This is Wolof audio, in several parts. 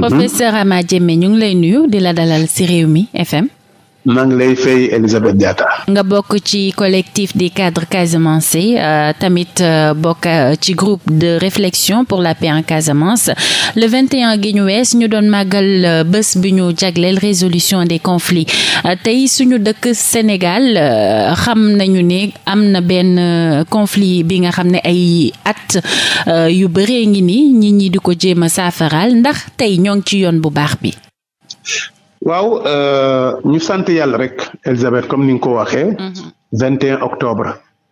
professeur Ama Diémé ñu ngi lay nuyu di la dalal ci Rewmi FM. maa ngi lay fay nga bokk ci collectif des cadres casamançais euh, tamit euh, bokk euh, ci groupe de réflexion pour la paix en Casamance le gi ñu wees ñu doon màggal bés bi ñu jagleel résolution des conflits tey suñu dëkk Sénégal xam nañu ne am na benn conflit bi nga xam ne ay at yu bëree ngi ni nit ñi di ko jéem a saafaraal ndax tey ñoo ngi ci yoon bu baax bi. waaw euh, ñu sant yàlla rek Elisabeth comme ni nga ko waxee. 21 mm-hmm. octobre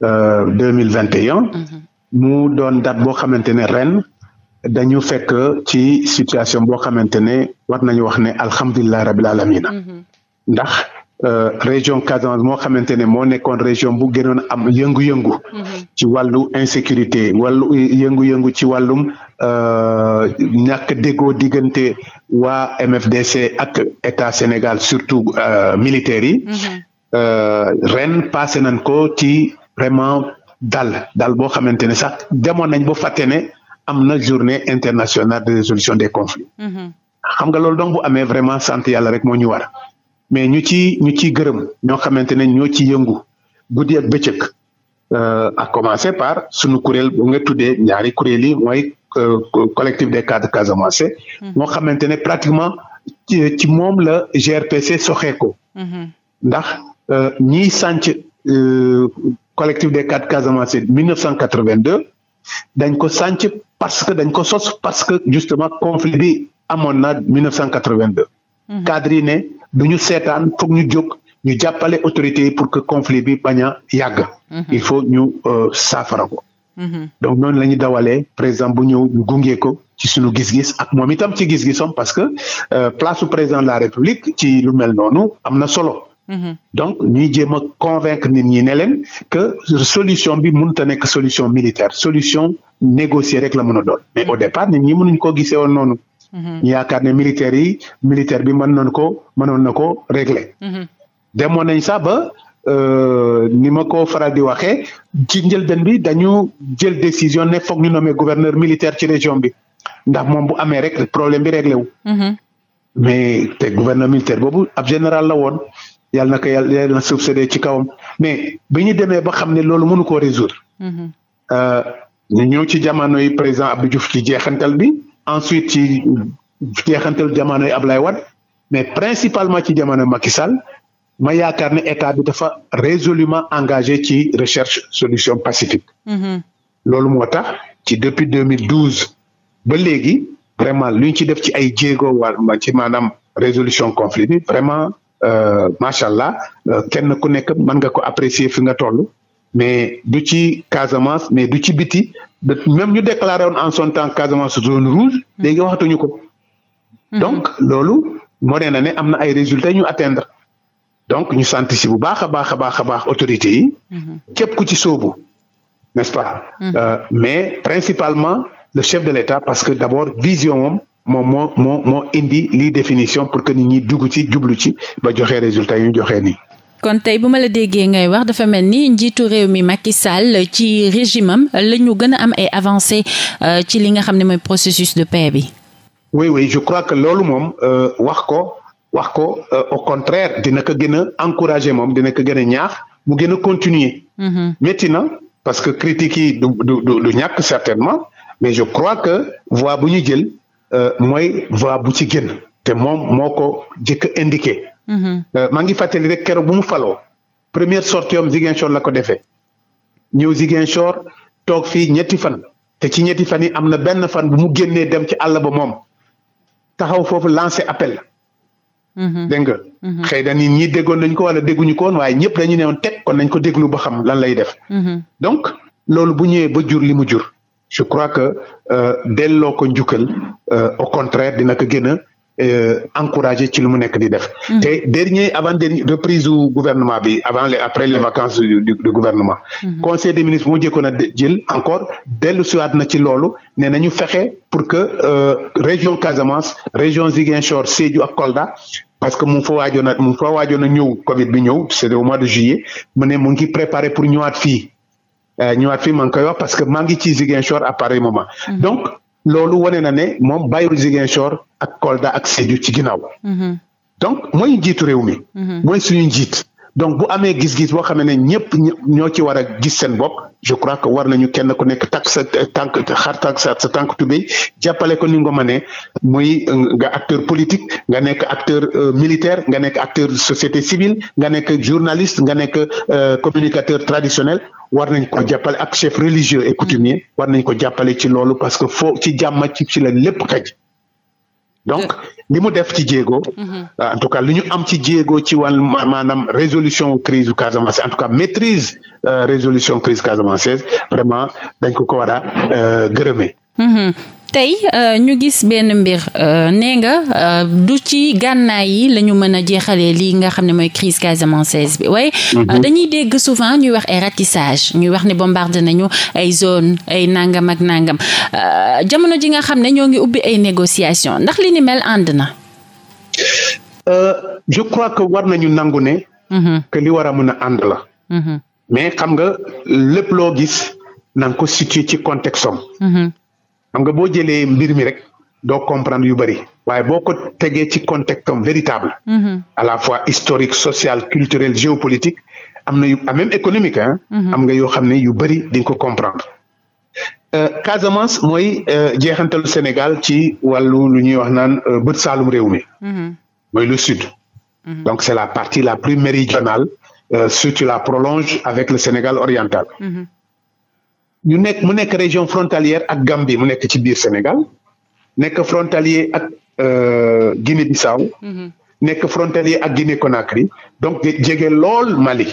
2021. Euh, mm-hmm. mu doon date boo xamante ne ren dañu fekk ci situation boo xamante ne war nañu wax ne alhamdulilah rabil alamina mm-hmm. ndax euh, région Casamance moo xamante ne moo nekkoon région bu gënoon am yëngu-yëngu. ci wàllu insécurité wàllu yëngu-yëngu ci wàllum Euh, ñàkk déggoo diggante waa MFDC ak état Sénégal surtout euh, militaires yi. Mhm. Euh, ren passé nañ ko ci vraiment dal daal boo xamante ne sax demoon nañ bo fàtte ne am na journée internationale de résolution des conflits. Mhm. xam nga loolu donc bu amee vraiment sant yàlla rek moo ñu war mais ñu ci ñu ciy gërëm ñoo xamante ne ñoo ci yëngu guddi ak bëccëg. à commencer par sunu kuréel bu nga tuddee ñaari kuréel yi mooy Euh, collectif des cadres Casamançais. Mhm. moo xamante ne pratiquement ci moom la GRPC soxee ko. Mhm. ndax euh, ñiy sànc euh, collectif des cadres Casamançais 1982 dañ ko sànc parce que dañ ko sos parce que justement conflit bi amoon na 1982. Mhm. cadres yi ne du ñu seetaan foog ñu jóg. ñu jàppale autorités pour que conflit bi bañ a yàgg. il faut ñu saafara Mhm. donc noonu la ñu dawalee président bu ñëw ñu gunge ko ci suñu gis-gis ak moom itam ci gis-gisam parce que euh, place su président de la république ci lu mel noonu am na solo. Mhm. donc ñuy jéem a convaincre nit ñi ne leen que solution bi mun ta nekk solution militaire solution négociée rek la mën a dool mais au départ nit ñi mënuñ ko gisee woon noonu. Mhm. ñu yaakaar ne militaire yi militaire bi mën nañ ko na ko régler. demoon nañ sax ba Euh, ni ma ko faral di waxee ci njëlbeen bi dañu jël décision ne foog ñu nommer gouverneur militaire ci région bi ndax moom bu amee rek problème bi réglé wu. Mm-hmm. mais te gouverneur militaire boobu ab général la woon yàlla na ko yàlla na succédé ci kawam mais bi ñu demee ba xam ne loolu mënu koo résoudre. Mm-hmm. Euh, ñu ñëw ci jamono yi président Abdou ci jeexantal bi ensuite ci jeexantal jamono yi Ablaye Wade mais principalement ci jamono Macky Sall ma yaakaar ne état bi dafa résolument engagé ci recherche solution pacifique. Mm-hmm. loolu moo tax ci depuis deux mille 2012 ba léegi vraiment lu ñu def ci ay jéego wala ci maanaam résolution conflit vraiment euh, macha allah euh, kenn ku nekk mën nga ko apprécier fi nga toll. mais du ci Casamance mais du ci biti même ñu déclaré woon en son temps Casamance zone rouge mm-hmm. léegi waxatuñu ko. Mm-hmm. donc loolu moo ne na ne am na ay résultats ñu atteindre. donc ñu santi si bu baax a baax a baax a baax autorités yi. Mhm. képp ku ci soobu n'est-ce pas. Mhm. Euh, mais principalement le chef de l'État parce que d'abord vision moom moom moo moo moo indi lii définition pour que nit ñi dugg ci jublu ci ba joxe résultat yi ñu joxe nii. kon tey bu ma la déggee ngay wax dafa mel ni njiitu réew mi Macky Sall ci régime am la ñu gën a am ay avancé euh, ci li nga xam ne mooy processus de paix bi. oui oui je crois que loolu moom euh, wax ko wax ko euh, au contraire dina ko gën a encourager moom dina ko gën a ñaax mu gën a continuer métti mm-hmm. na parce que critiques yi du du du ñàkk certainement mais je crois que vois bu ñu jël euh, mooy vois bu ci gën te moom moo ko jëkk indiqué mm-hmm. euh, maa ngi fàttali rek keroog bu mu faloo première sortie am Ziguinchor la ko defee ñëw Ziguinchor toog fii ñetti fan te ci ñetti fan yi am na benn fan bu mu génnee dem ci àll ba moom taxaw foofu lancer appel Mm-hmm. dégg nga. Mm-hmm. xëy na nit ñi déggoon nañ ko wala dégguñu ko woon waaye ñëpp dañu ne woon teg kon nañ ko déglu ba xam lan lay def. Mm-hmm. donc loolu bu ñëwee ba jur li mu jur. je crois que euh, delloo ko njukkal euh, au contraire dina ko gën Euh, encouragé ci lu mu nekk di def. Mm. te dernier avant dernier reprise du gouvernement bi avant les après les vacances du du gouvernement. Mm-hmm. conseil des ministres moo jëkkoon jël encore dellu siwaat na ci loolu nee na ñu fexe pour que euh, région Casamance région Ziguinchor Sédhiou ak Kolda. parce que mu fa waajoon a mu fa waajoon a ñëw Covid bi ñëw c'était au mois de juillet mu ne mu ngi préparé pour ñëwaat fii euh, ñëwaat fii maa ngi koy wax parce que maa ngi ci Ziguinchor à pareil moment mm-hmm. donc. loolu wane na ne moom bàyyiwul Ziguinchor a Kolda ak Sédhiou ci ginnaaw. Mm-hmm. donc mooy njiitu réew mi. Mm-hmm. mooy suñu njiit. donc bu amee gis-gis boo xam ne ñëpp ñoo ci war a gis seen bopp je crois que war nañu kenn ku nekk takk sa tànk xar sa sa tànk jàppale ko ni nga mënee muy nga acteur politique nga nekk acteur euh, militaire nga nekk acteur société civile nga nekk journaliste nga nekk euh, communicateur traditionnel war nañ ko jàppale ak chef religieux et coutumier war nañ ko jàppale ci loolu parce que foo ci jàmm ci ci la lépp xaj donc li mu def ci jéego. Mhm. en tout cas li ñu am ci jéego ci wàllu maanaam résolution crise Casamance en tout cas maîtrise euh, résolution crise casamançaise vraiment dañ ko ko war a euh, gërëmee. Mhm. tey euh, ñu gis benn mbir euh, nee nga euh, du ci gànnaay yi lañu mën a jeexale lii nga xam ne mooy crise casamançaise bi waaye mhm. dañuy dégg souvent ñuy wax ay ratissage ñuy wax ne bombardé nañu ay zone ay nangam ak nangam jamono ji nga xam ne ñoo ngi ubbi ay négociation ndax li ni mel ànd na je crois que war nañu nangu ne mhm. que li war a mën a ànd la mhm. mais xam nga lépp loo gis na nga ci contexte xam nga boo jëlee mbir mi rek doo comprendre yu bëri waaye boo ko tegee ci contexte am véritable mm la fois historique sociale culturel géopolitique am na yu ah, même économique mhm. am nga yoo xam ne yu bëri di nga ko comprendre euh, Casamance euh, mooy euh, jeexantalu Sénégal ci wàllu lu ñuy wax naan euh, bët saalum réew mi mhm. mooy le sud mhm. donc c'est la partie la plus méridionale euh, si tu la prolonges avec le Sénégal oriental ñu nekk mu nekk région frontalière ak Gambie mu nekk ci biir Sénégal nekk frontalier ak euh, Guinée Bissau mhm. nekk frontalier ak Guinée Conakry donc jege lool Mali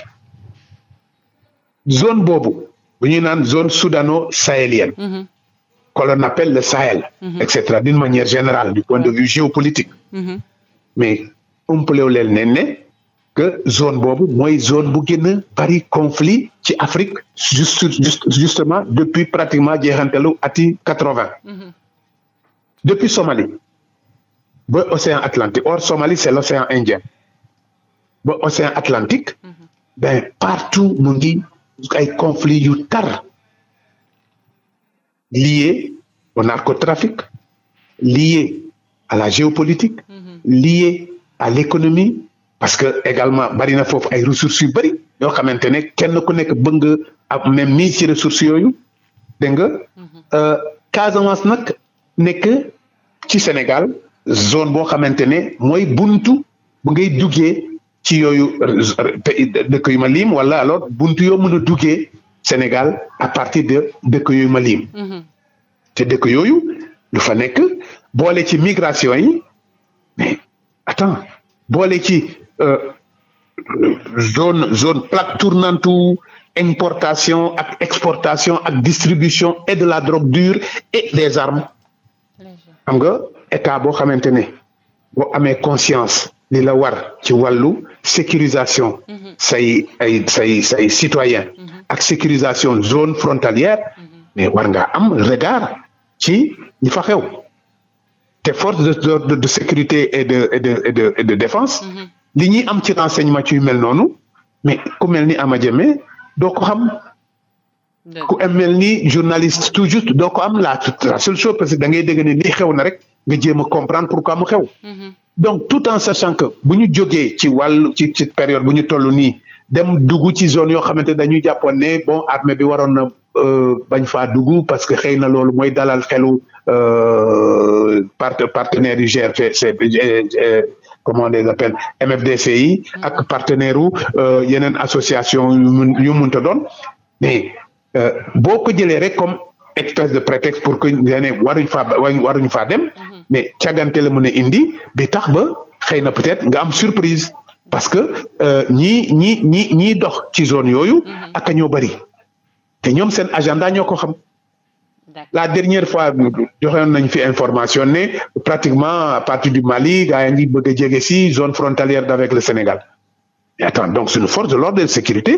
zone boobu bu ñuy naan zone soudano-sahélienne mhm. que l'on appelle le Sahel mhm. et d'une manière générale du point de vue géopolitique mais umpalew leen ne ne que zone boobu mooy zone bu gën a bari conflit ci Afrique juste juste justement depuis pratiquement jeexantelu ati quatre-vingt mhm. depuis Somalie ba océan Atlantique or Somalie c'est l'océan Indien ba océan Atlantique mhm. ben partout mu ngi ay conflits yu tar liés au narcotrafic liés à la géopolitique mhm. liés à l'économie parce que également bari na foofu ay ressources yu bari yoo xamante ne kenn ku nekk bëgg nga am même nii ci ressources yooyu dégg nga mhm. euh, Casamance nag nekk ci Sénégal zone boo xamante ne mooy buntu bu ngay duggee ci yooyu dëkk yu ma liim wala alors buntu yoo mën a duggee Sénégal à partir de dëkk yooyu ma liim mhm. te dëkk yooyu lu fa nekk boole ci migration yi mais boole ci Euh, zone zone plaque tournante importation ak exportation ak distribution et de la drogue dure et des armes xam nga état boo xamante ne boo amee conscience li la war ci wàllu sécurisation say ay say say citoyen ak sécurisation zone frontalière mais war nga am regard ci ñi fa xew te force de de sécurité et de et de défense li ñuy am ci renseignement ci yu mel noonu mais ku mel ni Ama Diémé doo ko xam. ku mel ni journaliste tout juste doo ko am la la seule chose parce que da ngay dégg ne xew na rek nga jéem a comprendre pourquoi mu xew. Mm-hmm. donc tout en sachant que bu ñu jógee ci wàllu ci ci période bu ñu toll nii dem dugg ci zone yoo xamante dañuy jàppoon ne bon armée bi waroon na euh, bañ faa dugg parce que xëy na loolu mooy dalal xelu euh, part partenaires yu GRC comment on les appelle MFDCI mm. ak partenaire u euh, yeneen association yu mënta doon mais euh, boo ko jëlee rek comme espèce de prétexte pour que ñeneen waruñ faa waruñ faa dem mm-hmm. mais càggante la mën a indi bi tax ba xëy na peut-être nga am surprise parce que euh, ñii ñii ñii ñii dox ci zone yooyu mm-hmm. ak ñoo bëri te ñoom seen agenda ñoo ko xam. la dernière fois joxoon nañ fi information ne pratiquement à partir du Mali gaa yi ngi bëgg a jege si zone frontalière d'avec le Sénégal mais attends donc suñu force de l'ordre de sécurité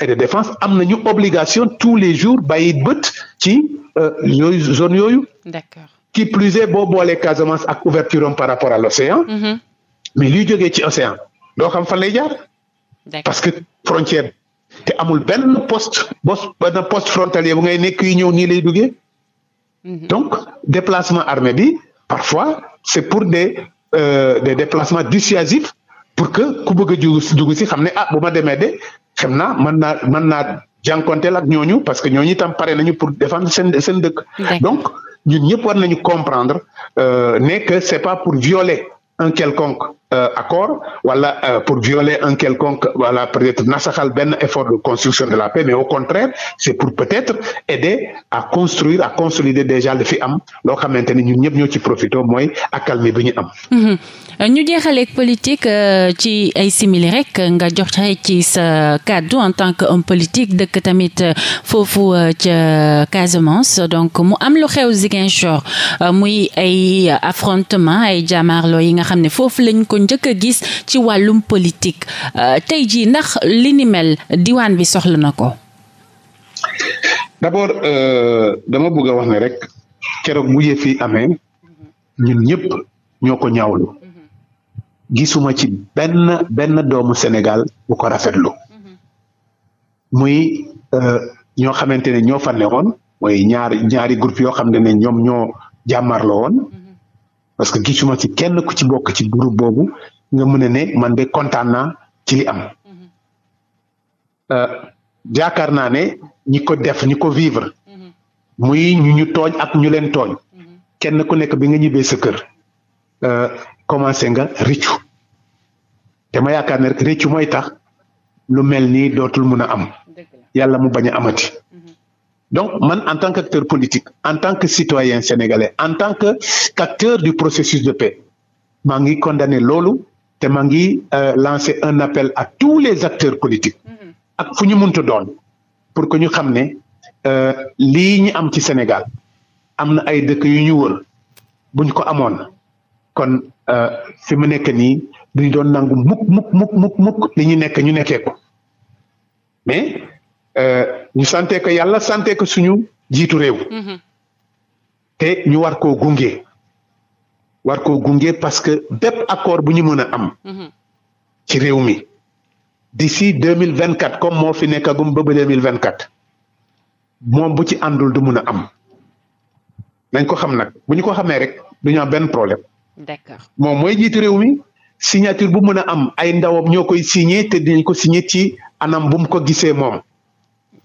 et de défense am nañu obligation tous les jours bàyyi bët ci euh, yooyu zone yooyu d'accord qui plus est boo boolee Casamance ak ouverture par rapport à l'océan mm-hmm. mais luy jógee ci océan doo xam fan lay jaar parce que frontière te amul benn post benn poste frontalier bu ngay nekk ñëw nii lay duggee Mhm. donc déplacement armé bi parfois c'est pour des euh, des déplacements dissuasifs pour que ku bëgg a jugu jugu si xam ne ah bu ma demee de xam na mën naa mën naa jànkonteel ak ñooñu parce que ñooñu itam pare nañu pour défendre seen seen dëkk. donc ñu ñëpp war nañu comprendre euh, ne que c'est pas pour violer un quelconque Euh, accord wala euh, pour violer un quelconque wala peut-être nasaxal benn effort de construction de la paix mais au contraire c'est pour peut-être aider à construire à consolider déjà li fi am loo xamante ni ñu ñëpp ñoo ci profité mooy accalmie bi ñu am. Mhm. ñu jeexaleeg politique euh, ci ay simili rek nga jox ci sa kàddu en tant que homme politique dëkk tamit foofu ca Casamance donc mu am lu xew Ziguinchor muy ay affrontement ay jàmmaarloo yi nga xam ne foofu lañ ko njëkk a gis ci wàllum politique euh, tey jii ndax li ni mel diwaan bi soxla na ko. d'abord euh, dama bëgg a wax ne rek keroog bu yëf yi amee ñun ñëpp ñoo ko ñaawlu gisuma ci benn benn doomu Sénégal bu ko rafetlu muy euh, ñoo xamante ne ñoo fa newoon mooy ñaari ñaari groupe yoo xam ne ne ñoom ñoo jàmmarloo woon parce que gisuma ci kenn ku ci bokk ci groupe boobu nga mën a ne man de kontaan naa ci li am jaakaar euh, naa ne ñi ko def ñi ko vivre muy ñu ñu tooñ ak ñu leen tooñ kenn ku nekk bi nga ñibbee sa kër euh, nga rëccu te ma yaakaar na rek rëccu mooy tax lu mel ni dootul mun a am yàlla mu bañ a amati donc man en tant que qu'acteur politique en tant que citoyen sénégalais en tant que qu'acteur du processus de paix maa ngi condamné loolu te maa ngi euh, lancer un appel à tous les acteurs politiques ak fu ñu munta doon pour que ñu xam ne euh, lii ñu am ci Sénégal am na ay dëkk yu ñu wër buñ ko amoon kon euh, fi mu nekk nii duñu doon nangu mukk mukk mukk mukk mukk li ñu nekk ñu nekkee ko mais Euh, ñu sante ko yàlla sante ko suñu jiitu réew. Mm-hmm. te ñu war koo gunge. war koo gunge parce que bépp accord bu ñu mën a am. Mm-hmm. ci réew mi d'ici deux mille vingt quatre comme moo fi nekkagum ba ba deux mille vingt quatre moom bu ci àndul du mun a am nañ ko xam nag buñu ko xamee rek du ñu am benn problème. d'accord moom mooy jiitu réew mi signature bu mën a am ay ndawam ñoo koy signé te dinañ ko signé ci anam bu mu ko gisee moom.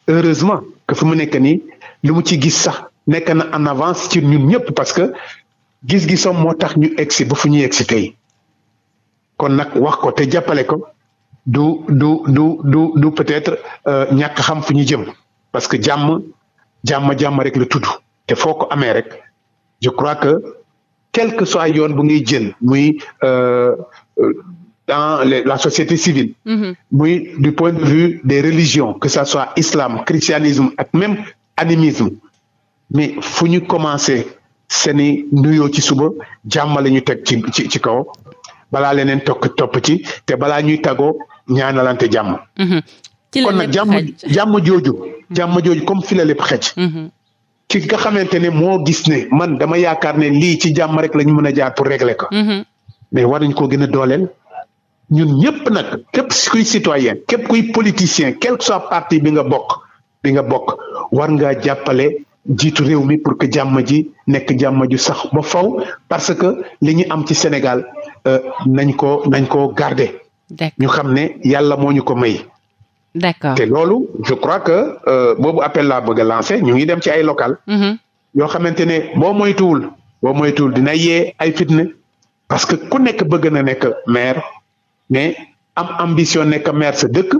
heureusement que fu mu nekk nii lu mu ci gis sax nekk na en avance ci ñun ñëpp parce que gis-gisam moo tax ñu egsi ba fu ñuy egsi tey kon nag wax ko te jàppale ko du du du du du peut-être euh, ñàkk xam fu ñu jëm parce que jàmm jàmm jàmm rek la tudd te foo ko amee rek je crois que quel que soit yoon bu ngay jël muy. Euh, euh, dans les, la société civile, mm-hmm. muy mmh. du point de vue des religions, que ça soit islam, christianisme ak même animisme mais fu ñu commencé seeni nuyo ci suba jàmm la ñu teg ci ci ci kaw balaa leneen tokk topp ci te balaa ñuy tagoo ñaanalante jàmm. Mm-hmm. kon nag jàmm jàmm jooju. jàmm jooju comme fi la lépp xëcc. Mm-hmm. ki nga xamante ne moo gis ne man dama yaakaar ne lii ci jàmm rek lañu ñu mën a jaar pour régler ko. mais war nañ koo gën a dooleel. ñun ñëpp nag képp kuy citoyen képp kuy politicien quel que soit parti bi nga bokk bi nga bokk war ngaa jàppale jiitu réew mi pour que jàmm ji nekk jàmm ju sax ba faw parce que li ñu am ci Sénégal euh, nañ ko nañ ko garder. ñu xam ne yàlla moo ñu ko may. d'accord te loolu je crois que euh, boobu appel la bëgg a lancer ñu ngi dem ci ay local. Mm-hmm. yoo xamante ne boo moytuwul. boo moytuwul dina yee ay fitna parce que ku nekk bëgg na nekk maire. mais am ambition nekk maire dëkk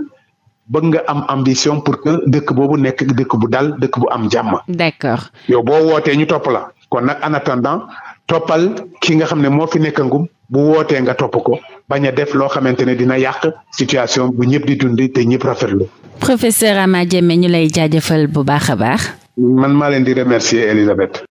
bëgg nga am ambition pour que dëkk boobu nekk dëkk bu dal dëkk bu am jàmm. d'accord yow boo wootee ñu topp la kon nag en toppal ki nga xam ne moo fi nekkangum bu wootee nga topp ko bañ a def loo xamante ne dina yàq situation bu ñëpp di dund te ñëpp rafetlu. professeur Ama Diémé ñu lay jaajëfal bu baax a baax. man maa leen di remercier Elisabeth.